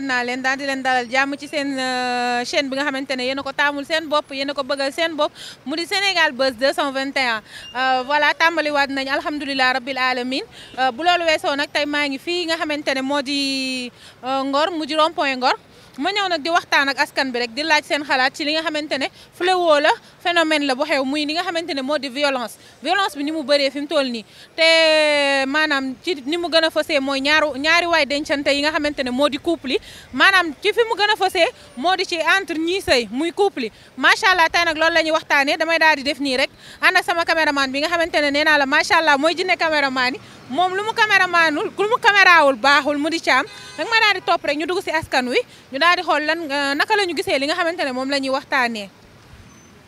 nuyuwaat naa leen daal di leen dalal jàmm ci seen euh, chaîne bi nga xamante ne yéen a ko taamul seen bopp yéen a ko bëggal seen bopp mu di Sénégal Buzz 221 euh, voilà tàmbaliwaat nañ alhamdulilah rabbil alamin euh, bu loolu weesoo nag tey maa ngi fii nga xamante ne moo di Ngor mu di rond Ngor ma ñëw nag di waxtaan ak askan bi rek di laaj seen xalaat ci li nga xamante ne woo la phénomène la bu xew muy li nga xamante ne moo di violence violence bi ni mu bëree fi mu toll nii te maanaam ci ni mu gën a fësee mooy ñaaru ñaari waay dencante yi nga xamante ne moo di couple yi maanaam ci mu gën a fësee moo di ci entre ñii sëy muy couple yi macha allah tey nag loolu la ñuy waxtaanee damay daal di def nii rek ànd ak sama caméraman bi nga xamante ne nee la macha allah mooy jinne caméraman yi moom lu mu caméramanul lu mu camérawul baaxul mu di caam rek ma daal topp rek ñu dugg si askan wi ñu daal di xool lan euh, naka la ñu gisee li nga xamante ne moom la ñuy waxtaanee.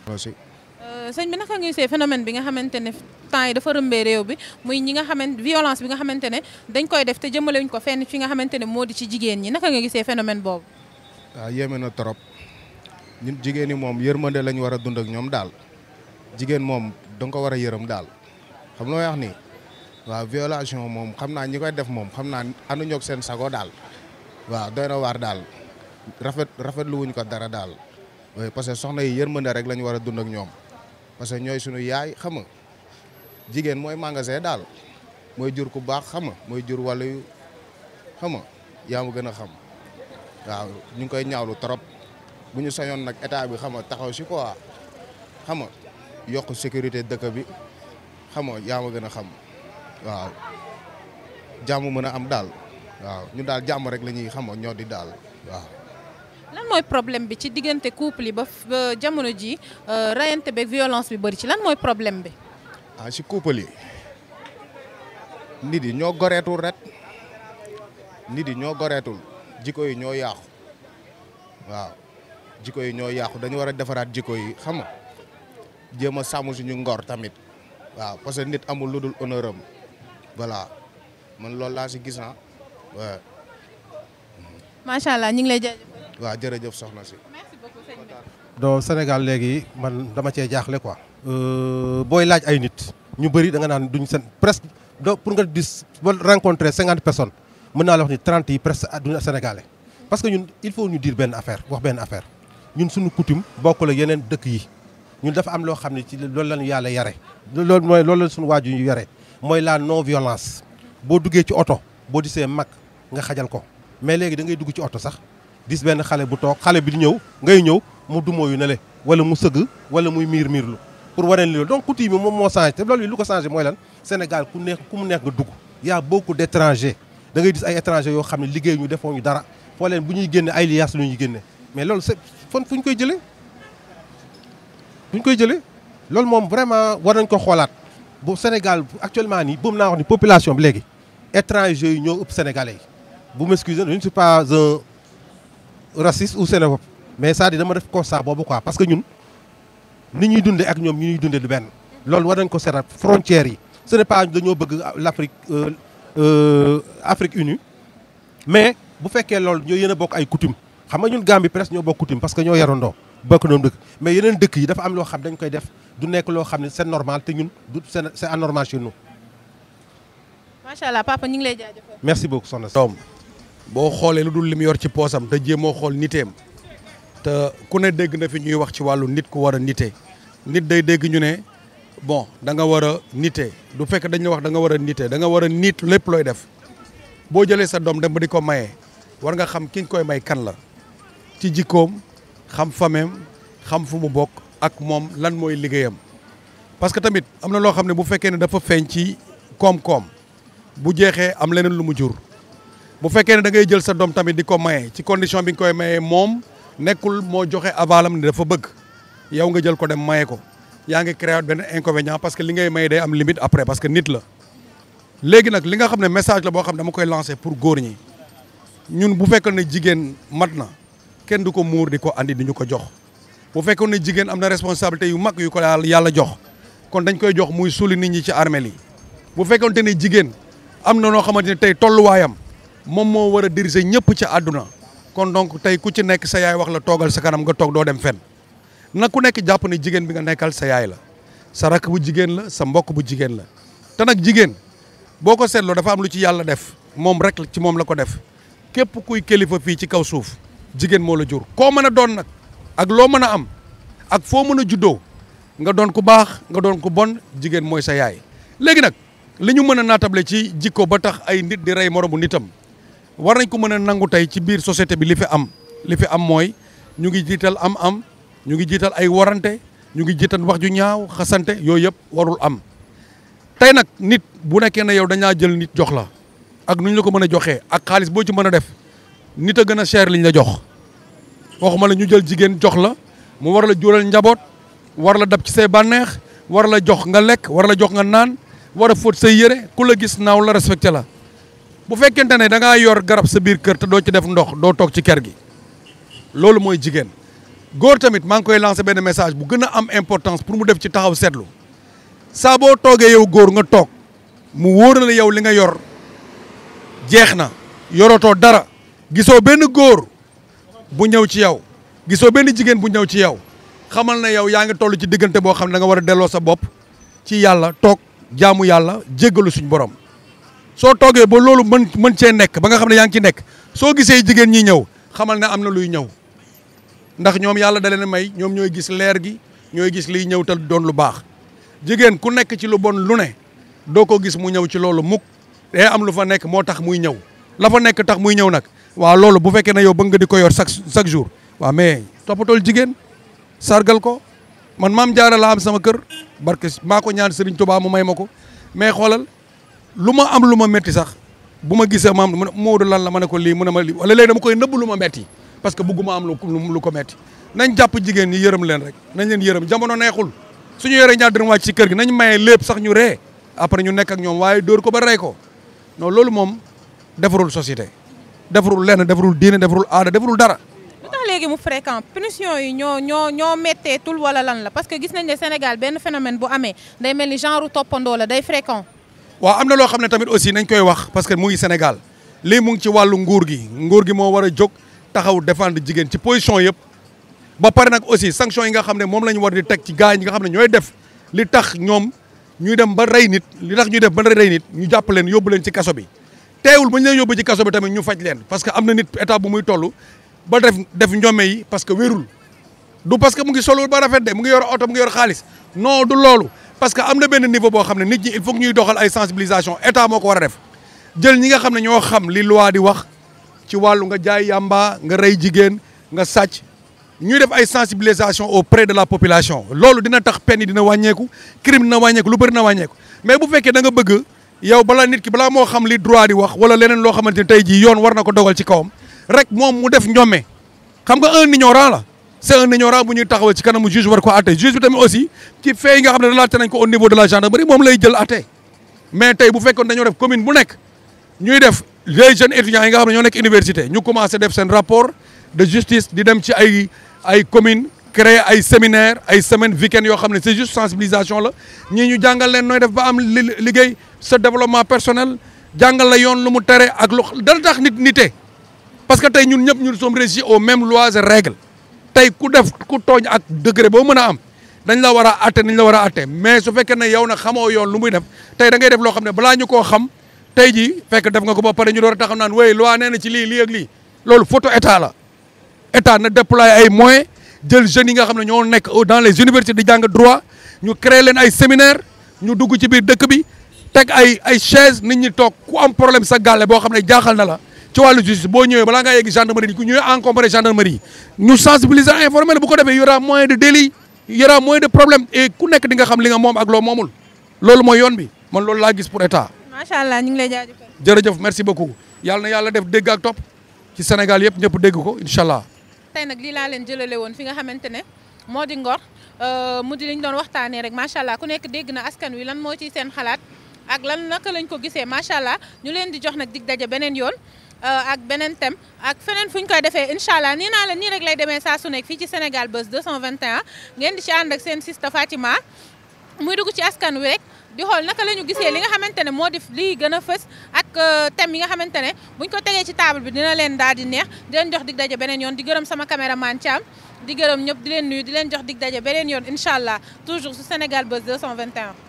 Euh, sëñ bi naka nga gisee phénomène bi nga xamante ne temps yi dafa rëmbee réew bi muy ñi nga xamante violence bi nga xamante ne dañ koy def te jëmale ko fenn fi nga xamante ne moo di ci jigéen ñi naka nga gisee phénomène boobu. waaw ah, yéeme na trop ñun jigéen ñi moom yërmande la ñu war a dund ak ñoom daal jigéen moom da war a yërëm daal xam nga loo waaw violation moom xam naa ñi koy def moom xam naa ànduñu ak seen sago daal waaw doy na waar daal rafet rafetlu wuñ ko dara daal parce que soxna yi yërmande rek la ñu war a dund ak ñoom parce que ñooy suñu yaay xam nga jigéen mooy magasin daal mooy jur ku baax xama mooy jur wàllu xam nga yaa gën a xam waaw ñu ngi koy ñaawlu trop bu ñu sañoon nag état bi xam nga taxaw si quoi xam nga yokk sécurité dëkk bi xam nga yaa gën a xam. waaw jàmm mën a am daal waaw ñu daal jàmm rek la ñuy xamoo ñoo di daal waaw. lan mooy problème bi ci diggante couple yi ba jamono ji euh, rayante beeg violence bi bëri ci lan mooy problème bi. ah si couple yi nit yi ñoo goreetul rek nit yi ñoo goreetul jikko yi ñoo yaaxu waaw jikko yi ñoo yaaxu dañu war a defaraat jikko yi xam nga jéem a sàmm suñu ngor tamit waaw parce que nit amul lu dul honneur voilà man loolu laa si gis ah waaw. macha allah ñu ngi lay jaajëfal. waaw jërëjëf soxna si. merci donc Sénégal léegi man dama cee jaaxle quoi. Euh, booy laaj ay nit ñu bëri da nga naan duñ sen presque doo pour nga dis ba rencontrer cinquante personnes mën naa la wax ni trente yi presque duñu sénégalais. parce que ñun il faut ñu dire benn affaire wax benn affaire ñun suñu coutume bokk ak yeneen dëkk yi ñun dafa am loo xam ne ci loolu la ñu yàlla yare loolu mooy lool la suñu waaju ñu yare mooy la non violence boo duggee ci oto boo disee mag nga xajal ko mais léegi da ngay dugg ci oto sax dis benn xale bu toog xale bi di ñëw ngay ñëw mu dumoo yu nele le wala mu sëgg wala muy miir miirlu pour wareen loolu donc coutume bi moom moo changé te loolu lu ko changé mooy lan Sénégal ku nekk ku mu nekk nga dugg y a beaucoup d' étrangers da ngay gis ay étrangers yoo xam ne liggéey ñu defoo ñu dara foo leen bu ñuy génne ay liaas lu ñuy génne mais loolu c'est fan fu ñu koy jëlee fu koy jëlee loolu moom vraiment war nañ ko xoolaat bu Sénégal actuellement nii boobu naa wax ni population bi léegi étrangers yi ñoo ëpp sénégalais yi bu m'excusez je ne suis pas un raciste ou xénophobe mais cest di dire dama def constat boobu quoi parce que ñun ni ñuy dundee ak ñoom ñu ñuy dundee du benn. loolu war nañ ko seetaat frontières yi ce n'est dañoo bëgg l'Afrique euh, euh, Afrique unie mais bu fekkee loolu ñoo yéen a bokk ay coutume xam nga ñun Gambie presque ñoo bokk coutume parce que ñoo yarandoo bokk noonu dëkk mais yeneen yi dafa am loo xam dañ koy def. du nekk loo xam ne seen normal te ñun du c'est anormal chez nous. macha allah papa ñu ngi lay merci beaucoup soxna si. doom boo xoolee lu dul li mu yor ci poosam te jéemoo xool niteem te ku ne dégg na fi ñuy wax ci wàllu nit ku war a nite nit day dégg ñu ne bon da nga war a nite du fekk dañ wax danga nga war a nite da nga war a nit lépp looy def boo jëlee sa doom dem ba di ko maye war nga xam ki koy may kan la ci jikkoom xam fameem xam fu mu bokk. ak moom lan mooy liggéeyam parce que tamit am na loo xam ne bu fekkee ne dafa feeñ ci koom-koom bu jeexee am leneen lu mu jur bu fekkee ne da ngay jël sa doom tamit di ko maye ci condition bi nga koy mayee moom nekkul moo joxe avalam ne dafa bëgg yow nga jël ko dem maye ko yaa ngi créé benn inconvénient parce que li ngay maye day am limite après parce que nit la léegi nag li nga xam ne message la boo xam ne dama koy lancé pour góor ñi ñun bu fekkee ne jigéen mat na kenn du ko muur di ko andi di ñu ko jox bu fekkoon ne jigéen am na responsabilité yu mag yu ko yàlla jox kon dañ koy jox muy suuli nit ñi ci armeel yi bu fekkonte ne jigéen am na noo xamante ne tey tolluwaayam moom moo war a diriger ñëpp ci àdduna kon donc tey ku ci nekk sa yaay wax la toogal sa kanam nga toog doo dem fenn na ku nekk jàpp ne jigéen bi nga nekkal sa yaay la sa rakk bu jigéen la sa mbokk bu jigéen la te nag jigéen boo ko seetlu dafa am lu ci yàlla def moom rek ci moom la ko def képp kuy kilifa fii ci kaw suuf jigéen moo la jur koo mën a doon nag ak loo mën a am ak foo mën a juddoo nga doon ku baax nga doon ku bon jigéen mooy sa yaay léegi nag li ñu mën a naatable ci jikko ba tax ay nit di rey moromu nitam war nañ ko mën a nangu tey ci biir société bi li fi am li fi am mooy ñu ngi jiital am-am ñu ngi jiital ay warante ñu ngi jiital wax ju ñaaw xasante yooyu yëpp warul am tey nag nit bu nekkee ne yow dañaa jël nit jox la ak nu ñu la ko mën a joxee ak xaalis boo ci mën a def nit a gën a cher liñ la jox waxuma la ñu jël jigéen jox la mu war la jural njaboot war la dab ci say bànneex war la jox nga lekk war la jox nga naan war a fóot say yére ku la gis naaw la respecté la bu fekkente ne da ngaa yor garab sa biir kër te doo ci def ndox doo toog ci ker gi loolu mooy jigéen góor tamit maa ngi koy lancé benn message bu gën a am importance pour mu def ci taxaw seetlu saa boo toogee yow góor nga toog mu wóor na yow li nga yor jeex na yorotoo dara gisoo benn góor bu ñëw ci yow gisoo benn jigéen bu ñëw ci yow xamal na yow yaa ngi toll ci diggante boo xam ne danga war a delloo sa bopp ci yàlla toog jaamu yàlla jéggalu suñ borom soo toogee ba loolu mën mën cee nekk ba nga xam ne yaa ngi ci nekk soo gisee jigéen ñi ñëw xamal ne am na luy ñëw ndax ñoom yàlla dale na may ñoom ñooy gis leer gi ñooy gis liy ñëw te doon lu baax jigéen ku nekk ci lu bon lu ne doo ko gis mu ñëw ci loolu muk day am lu fa nekk moo tax muy ñëw la fa nekk tax muy ñëw nag waaw loolu bu fekkee ne yow bëgg nga di ko yor chaque chaque jour waaw mais toppatool jigéen sargal ko man maam jaara laa am sama kër barke maa ko ñaan Serigne Touba mu may ma ko mais xoolal lu ma am lu ma metti sax bu ma gisee maam mu ne lan la ma ne ko lii mu ne ma lii wala léegi dama koy nëbb lu ma metti parce que bëgguma am lu ko metti nañ jàpp jigéen ñi yërëm leen rek nañ leen yërëm jamono neexul suñu yoree ñaar dërëm wàcc ci kër gi nañ may lépp sax ñu ree après ñu nekk ak ñoom waaye dóor ko ba rey ko non loolu moom defarul société defarul lenn defarul diine defarul aada defarul dara. lu tax léegi mu fréquent punition yi ñoo ñoo ñoo métteetul wala lan la parce que gis nañ ne Sénégal benn phénomène bu amee day mel ni genre toppandoo la day fréquent. waaw am na loo xam ne tamit aussi nañ koy wax parce que mu Sénégal li mu ngi ci wàllu nguur gi nguur gi moo war a jóg taxaw défendre jigéen ci position yëpp. ba pare nag aussi sanction yi nga xam ne moom la ñu war di teg ci gars yi nga xam ne ñooy def li tax ñoom ñuy dem ba rey nit li tax ñuy def ba rey nit ñu jàpp leen yóbbu leen ci kaso bi. teewul ba ñu leen yóbbu ci kaso bi tamit ñu faj leen parce que am na nit état bu muy toll ba def def njome yi parce que wérul du parce que mu ngi solul ba rafet de mu ngi yor oto mu ngi yor xaalis non du loolu parce que am na benn niveau boo xam ne nit ñi il faut que ñuy doxal ay sensibilisation état moo ko war a def jël ñi nga xam ne ñoo xam li loi di wax ci wàllu nga jaay yàmba nga rey jigéen nga sàcc ñuy def ay sensibilisation auprès de la population loolu dina tax peine yi wàññeeku crime dina wàññeeku lu bëri na wàññeeku mais bu fekkee da nga bëgg yow balaa nit ki balaa moo xam li droit di wax wala leneen loo xamante ni tey jii yoon war na ko dogal ci kawam rek moom mu def ñomme xam nga un ignorant la c' est un bu ñuy taxawal ci kanamu juge war ko àtte juge bi tamit aussi ci fee nga xam ne relaté nañ ko au niveau de la gendarmerie moom lay jël àtte mais tey bu fekkoon dañoo def commune bu nekk ñuy def les jeunes étudiants yi nga xam ne ñoo nekk université ñu commencé def seen rapport de justice di dem ci ay ay commune créer ay ay semaine weekend yoo xam ne c' est la ñii ñu jàngal leen nooy def ba am liggéey sa développement personnel jàngal la yoon lu mu tere ak lu dara tax nit nite parce que tey ñun ñëpp ñun sommes régis au même lois et règles tey ku def ku tooñ ak degré boo mën a am dañ la war a atte nañ la war a atte mais su fekkee ne yow na xamoo yoon lu muy def tey da ngay def loo xam ne balaa ñu koo xam tey jii fekk def nga ko ba pare ñu door a taxaw naan wey loi nee na ci lii li ak lii loolu photo état la état na déployer ay moyen jël jeunes yi nga xam ne ñoo nekk dans les universités di jàng ñu créer leen ay séminaire ñu dugg ci biir dëkk bi teg ay ay chaise nit ñi toog ku am problème sa gàlle boo xam ne jaaxal na la ci wàllu justice boo ñëwee balaa ngaa yegg gendarmerie ku ñëwee encombré gendarmerie ñu sensibiliser informé la bu ko defee y aura moyen de délit y aura moyen de problème ku nekk di xam li nga moom ak loo moomul loolu mooy yoon bi man loolu la gis pour état. macha allah ñu ngi lay jaajëfal. jërëjëf merci beaucoup yàlla na yàlla def dégg ak topp ci Sénégal yëpp ñëpp dégg ko incha allah. lii laa leen jëlale woon fi nga xamante ne moo di Ngor euh, mu di li ñu doon rek macha allah ku nekk dégg na askan wi lan moo ci seen xalaat ak lan naka lañ ko gisee macha allah ñu leen di jox nag dig daje beneen yoon euh, ak beneen thème ak feneen fu ñu koy defee incha allah nii naa la nii rek lay demee saa su nekk fii ci Sénégal Buzz 221 ngeen di ci ànd ak seen sista Fatima muy dugg ci askan wi rek. di xool naka la ñu gisee li nga xamante ne moo di lii gën a fës ak euh, thème yi nga xamante ne buñ ko tegee ci table bi dina leen daal di neex di leen jox dig daje beneen yoon di gërëm sama caméraman Thiam di gërëm ñëpp di leen nuyu di leen jox dig daje beneen yoon incha allah toujours su Sénégal Buzz 221.